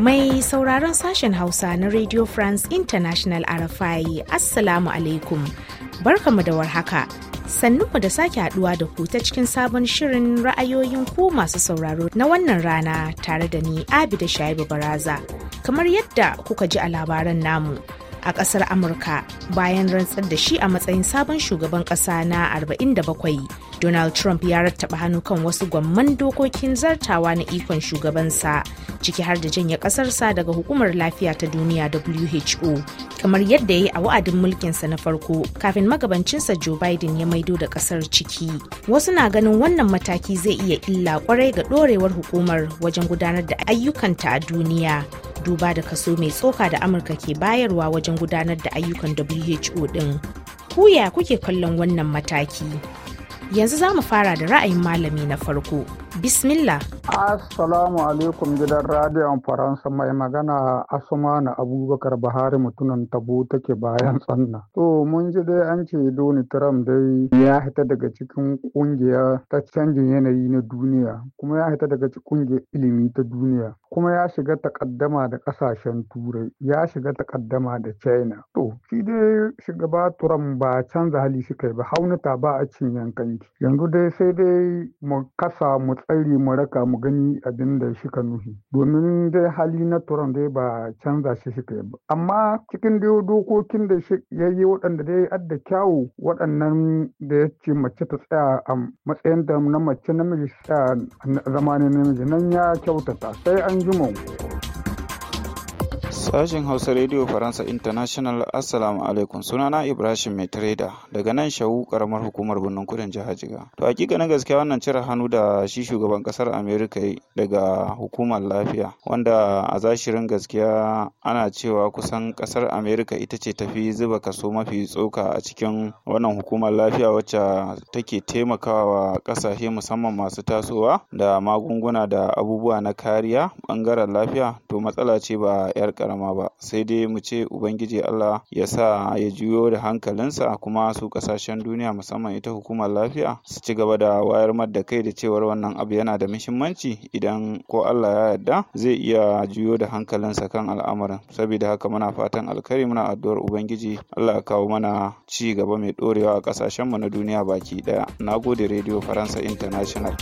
Mai sauraron sashen Hausa na Radio France International RFI, Assalamu alaikum. Barkamu da warhaka. Sannunmu da sake haɗuwa da ku ta cikin sabon shirin ra'ayoyin ku masu sauraro na wannan rana tare da ni Abi da Shaibu Baraza. Kamar yadda kuka ji a labaran namu, a ƙasar Amurka bayan rantsar da shi a matsayin sabon shugaban ƙasa na 47. Donald Trump ya rattaba hannu kan wasu gwamman dokokin zartawa na ikon shugabansa ciki har da janye ƙasarsa daga hukumar lafiya ta duniya WHO kamar yadda ya yi a wa'adin mulkinsa na farko kafin magabancinsa Joe Biden ya maido da ƙasar ciki. Wasu na ganin wannan mataki zai iya illa kwarai ga ɗorewar hukumar wajen gudanar da ayyukanta a duniya. duba da kaso mai tsoka da amurka ke bayarwa wajen gudanar da ayyukan who din kuya kuke kallon wannan mataki Yanzu za mu fara da ra'ayin malami na farko. Bismillah. Assalamu alaikum gidan radiyon Faransa mai magana Asumana Abubakar Buhari, mutunan tabo take bayan tsanna. To mun ji dai an ce doni Trump dai ya hita daga cikin kungiya ta canjin yanayi na duniya kuma ya hita daga cikin kungiyar ilimi ta duniya kuma ya shiga takaddama da kasashen turai ya shiga takaddama da china to shi dai shugaba turan ba canza hali shi kai ba haunuta ba a cin yankan yanzu dai sai dai mu kasa mu tsare mu raka mu gani abin da shi ka nuhi domin dai hali na turan dai ba canza shi shi ka ba amma cikin dai dokokin da shi ya yi waɗanda dai adda kyawu waɗannan da ya ce mace ta tsaya a matsayin da na mace namiji tsaya zamanin namiji nan ya kyautata sai an ji mu. Sashen Hausa Radio Faransa International Assalamu alaikum sunana Ibrahim Metreda daga nan shawu karamar hukumar birnin kudin jihar Jiga. To hakika na gaskiya wannan cire hannu da shi shugaban kasar Amerika daga hukumar lafiya wanda a zashirin gaskiya ana cewa kusan kasar Amerika ita ce tafi zuba kaso mafi tsoka a cikin wannan hukumar lafiya wacce take taimakawa kasashe musamman masu tasowa da magunguna da abubuwa na kariya bangaren lafiya to matsala ce ba 'yar karama dama ba sai dai mu ce ubangiji Allah ya sa ya juyo da hankalinsa kuma su kasashen duniya musamman ita hukumar lafiya su ci gaba da wayar da kai da cewar wannan abu yana da muhimmanci idan ko Allah ya yarda zai iya juyo da hankalinsa kan al'amarin saboda haka muna fatan alkari muna addu'ar ubangiji Allah ya kawo mana ci gaba mai dorewa a kasashen mu na duniya baki daya nagode radio faransa international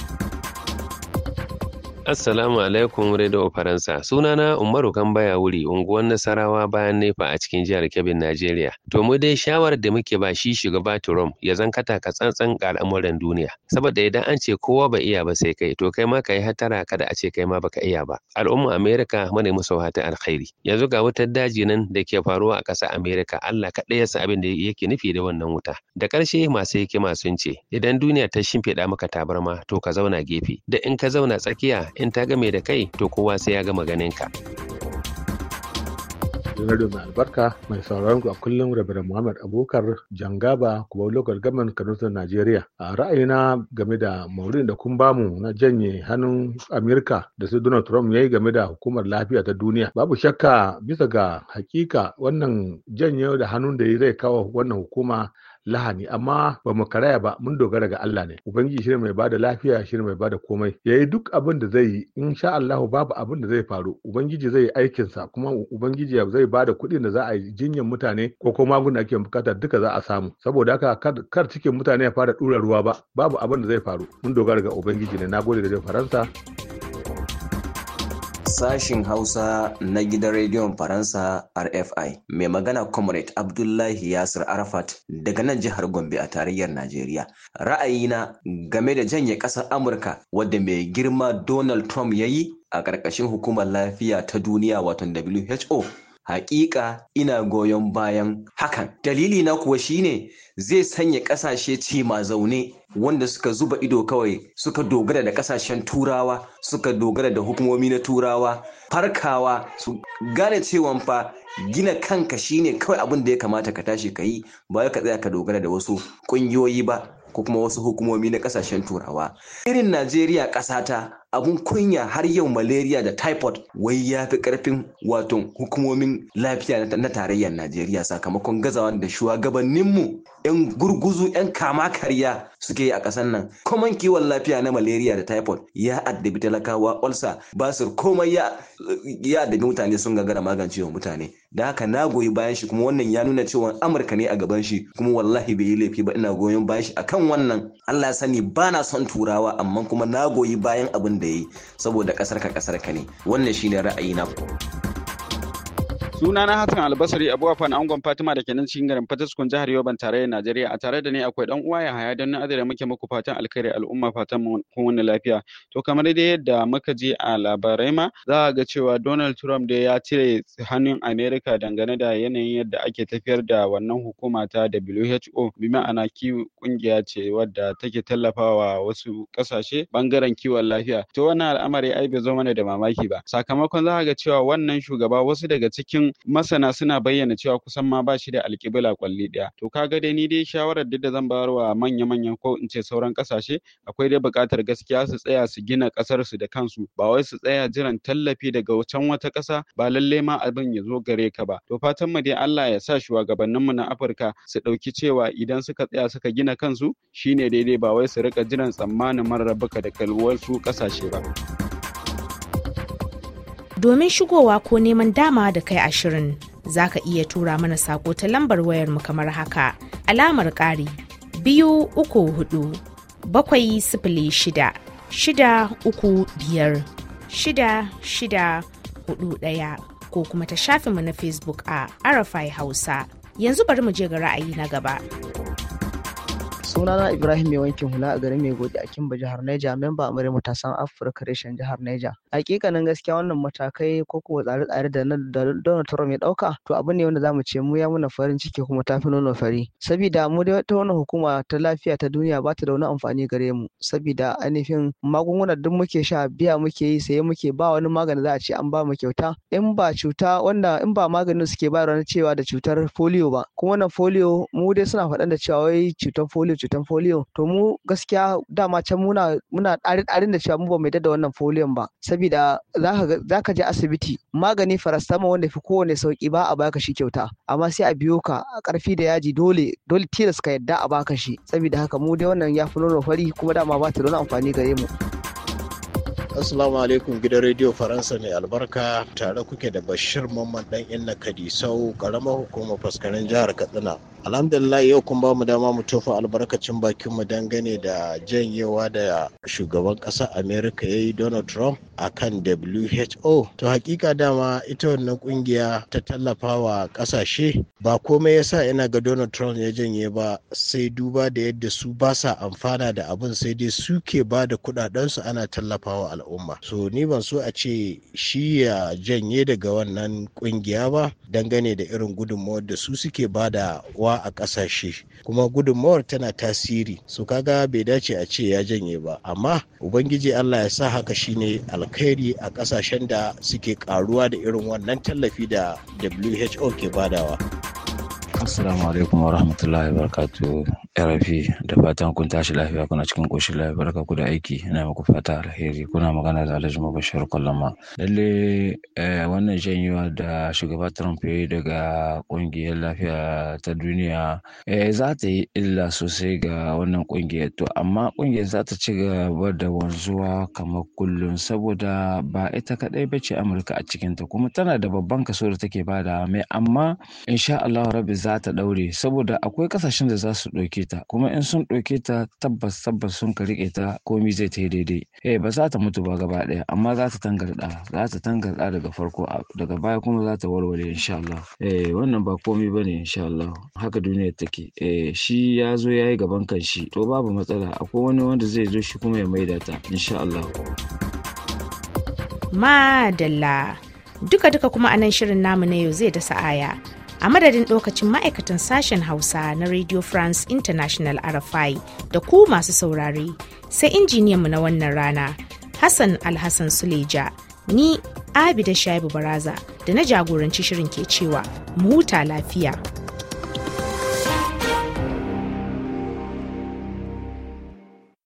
Assalamu alaikum Radio Faransa. Sunana Umaru Kambaya wuri unguwar Nasarawa bayan Nefa a cikin jihar Kebbi, Najeriya. To mu dai shawarar da muke ba shi shugaba Trump ya zan kata ka tsantsan ga al'amuran duniya. Saboda idan an ce kowa ba iya ba sai kai to kai ma ka yi hatara kada a ce kai ma baka iya ba. Al'ummar Amerika mu nemi ta alkhairi. Yanzu ga wutar daji nan da ke faruwa a ƙasar Amerika Allah kaɗai ya san abin da yake nufi da wannan wuta. Da ƙarshe masu hikima sun ce idan duniya ta shimfiɗa maka tabarma to ka zauna gefe. Da in ka zauna tsakiya in ta game da kai to kowa sai ya gama ganin ka. radio mai albarka mai sauraron ku a kullum Rabira muhammad Abubakar jangaba kuma local government kanusar najeriya a ra'ayina game da maurin da kun bamu na janye hannun amerika da su donald trump ya yi game da hukumar lafiya ta duniya babu shakka bisa ga hakika wannan janye da hannun da zai kawo wannan hukuma lahani amma ba mu karaya ba mun dogara ga Allah ne ubangiji shine mai bada lafiya shine mai bada komai yayi duk abin da zai yi insha Allah babu abin da zai faru ubangiji zai yi aikin sa kuma ubangiji zai bada kuɗin da za a yi jinyar mutane ko ko magunguna ake bukata duka za a samu saboda haka kar cikin mutane ya fara dura ruwa ba babu abin da zai faru mun dogara ga ubangiji ne nagode da faransa Sashin Hausa na gidan rediyon Faransa RFI mai magana Comrade Abdullahi Yasir Arafat daga nan jihar Gombe a tarayyar Najeriya. Ra'ayina game da janye ƙasar Amurka wadda mai girma Donald Trump ya yi a ƙarƙashin hukumar lafiya ta duniya watan WHO hakika ina goyon bayan hakan. Dalili na kuwa shine zai sanya ƙasashe ce ma zaune wanda suka zuba ido kawai suka dogara da kasashen turawa suka dogara da hukumomi na turawa farkawa su gane cewa fa gina kanka shine kawai abin da ya kamata ka tashi ka yi ba ka tsaya ka dogara da wasu ƙungiyoyi ba ko kuma wasu hukumomi na kasashen turawa irin najeriya ta abun kunya har yau malaria da typhoid wai ya fi ƙarfin wato hukumomin lafiya na tarayyar najeriya sakamakon gazawa da shugabanninmu 'yan gurguzu 'yan kama karya suke ake yi a ƙasar nan kuma kiwon lafiya na malaria da typhoid ya addabi talakawa ulcer basir komai ya ya addabi mutane sun gagara magancewa mutane da haka na goyi bayan shi kuma wannan ya nuna cewa amurka ne a gaban shi kuma wallahi bai yi laifi ba ina goyon bayan shi akan wannan allah sani ba na son turawa amma kuma na goyi bayan abin da ya yi saboda ƙasar ka ƙasar ka ne wannan shine ra'ayi na Suna na Hassan Albasari Abuwafan Angon Fatima da ke cikin garin Fataskun jihar Yoban tarayyar Najeriya a tare da ni akwai dan uwa ya haya don na adana muke muku fatan alkhairi al'umma fatan mu wani lafiya. To kamar dai yadda muka ji a labarai ma za ga cewa Donald Trump dai ya cire hannun America dangane da yanayin yadda ake tafiyar da wannan hukuma ta WHO bi ma'ana kungiya ce wadda take tallafawa wasu kasashe bangaren kiwon lafiya. To wannan al'amari ai bai zo mana da mamaki ba. Sakamakon za ga cewa wannan shugaba wasu daga cikin masana suna bayyana cewa kusan ma ba shi da alƙibla kwalli ɗaya to kaga dai ni dai shawarar duk da zan bayar wa manya-manyan ko in ce sauran ƙasashe akwai dai buƙatar gaskiya su tsaya su gina ƙasarsu da kansu ba wai su tsaya jiran tallafi daga can wata ƙasa ba lallai ma abin ya zo gare ka ba to fatan mu dai Allah ya sa shugabanninmu na Afirka su ɗauki cewa idan suka tsaya suka gina kansu shine daidai ba wai su riƙa jiran tsammanin marrabuka da wasu su ƙasashe ba. domin shigowa ko neman dama da kai ashirin za ka iya tura mana sako ta lambar wayar mu kamar haka alamar ƙari biyu uku hudu bakwai sifili shida shida uku biyar shida shida hudu ɗaya ko kuma ta mu na facebook a arafai hausa yanzu bari mu je ga ra'ayi na gaba. sunana ibrahim mai wankin hula a garin Maigodi a kimba jihar neja memba amurai matasan afirka reshen jihar neja hakikanin gaskiya wannan matakai ko kuma tsare-tsare da donald trump ya dauka to abu ne wanda zamu ce mu ya muna farin ciki kuma ta fi nuna fari sabida mu dai ta wannan hukuma ta lafiya ta duniya ba ta da wani amfani gare mu sabida ainihin magungunan duk muke sha biya muke yi saye muke ba wani magani za a ce an ba mu kyauta in ba cuta wanda in ba maganin suke bayarwa na cewa da cutar polio ba kuma wannan polio mu dai suna faɗan da cewa wai cutar polio cutan folio to mu gaskiya dama can muna muna ɗarin da cewa mu ba mu da wannan foliyon ba saboda za ka je asibiti magani farastama wanda fi kowane sauki ba a baka shi kyauta amma sai a biyo ka a ƙarfi da yaji dole dole tilas ka yadda a baka shi saboda haka mu dai wannan ya fi nono fari kuma dama ba ta da amfani gare mu. Assalamu alaikum gidan Radio Faransa mai albarka tare kuke da Bashir Mamman dan Inna Kadisau karamar hukumar faskaren jihar Katsina. alhamdulillah yau kun ba mu dama mu tofa albarkacin bakin mu dangane da janyewa da shugaban ƙasa america ya yi donald trump a kan who to hakika dama ita wannan kungiya ta tallafa wa ƙasashe ba komai yasa ina ga donald trump ya janye ba sai duba da yadda su ba sa amfana da abin sai dai suke ba da kudadensu ana tallafa wa al'umma so ni ban so a ce shi ya janye daga wannan kungiya ba dangane da irin gudunmawar da su suke ba da wa a ƙasashe kuma gudunmawar tana tasiri su kaga bai dace a ce ya janye ba amma ubangiji allah ya sa haka shine alkhairi a ƙasashen da suke karuwa da irin wannan tallafi da who ke badawa assalamu alaikum wa rahmatullahi wa RFI da fatan kun tashi lafiya kuna cikin ƙoshin lafiya barka ku da aiki ina muku fata alheri kuna magana da Alhaji Mubashir Kullama lalle eh, wannan janyewa da shugaba Trump ya yi daga kungiyar lafiya ta duniya eh, za ta yi illa sosai ga wannan kungiyar to amma kungiyar za ta ci gaba da wanzuwa kamar kullum saboda ba ita kadai ba ce Amurka a cikin ta kuma tana da babban kaso da take bada mai amma insha Allah Rabbi za ta daure saboda akwai kasashen da za su ɗauki ta kuma in sun ɗauke ta tabbas tabbas sun ka riƙe ta komi zai ta daidai eh ba za ta mutu ba gaba ɗaya amma za ta tangarɗa za ta tangarɗa daga farko daga baya kuma za ta warware insha Allah eh wannan ba komi bane insha Allah haka duniya take eh shi ya zo ya yi gaban kanshi to babu matsala akwai wani wanda zai zo shi kuma ya maida ta insha Allah madalla duka-duka kuma anan shirin namu na yau zai dasa sa'aya. a madadin lokacin ma'aikatan sashen hausa na radio france international rfi da ku masu saurare sai injiniyan mu na wannan rana hassan alhassan suleja ni abida shaibu baraza da na jagoranci shirin ke cewa mu huta lafiya.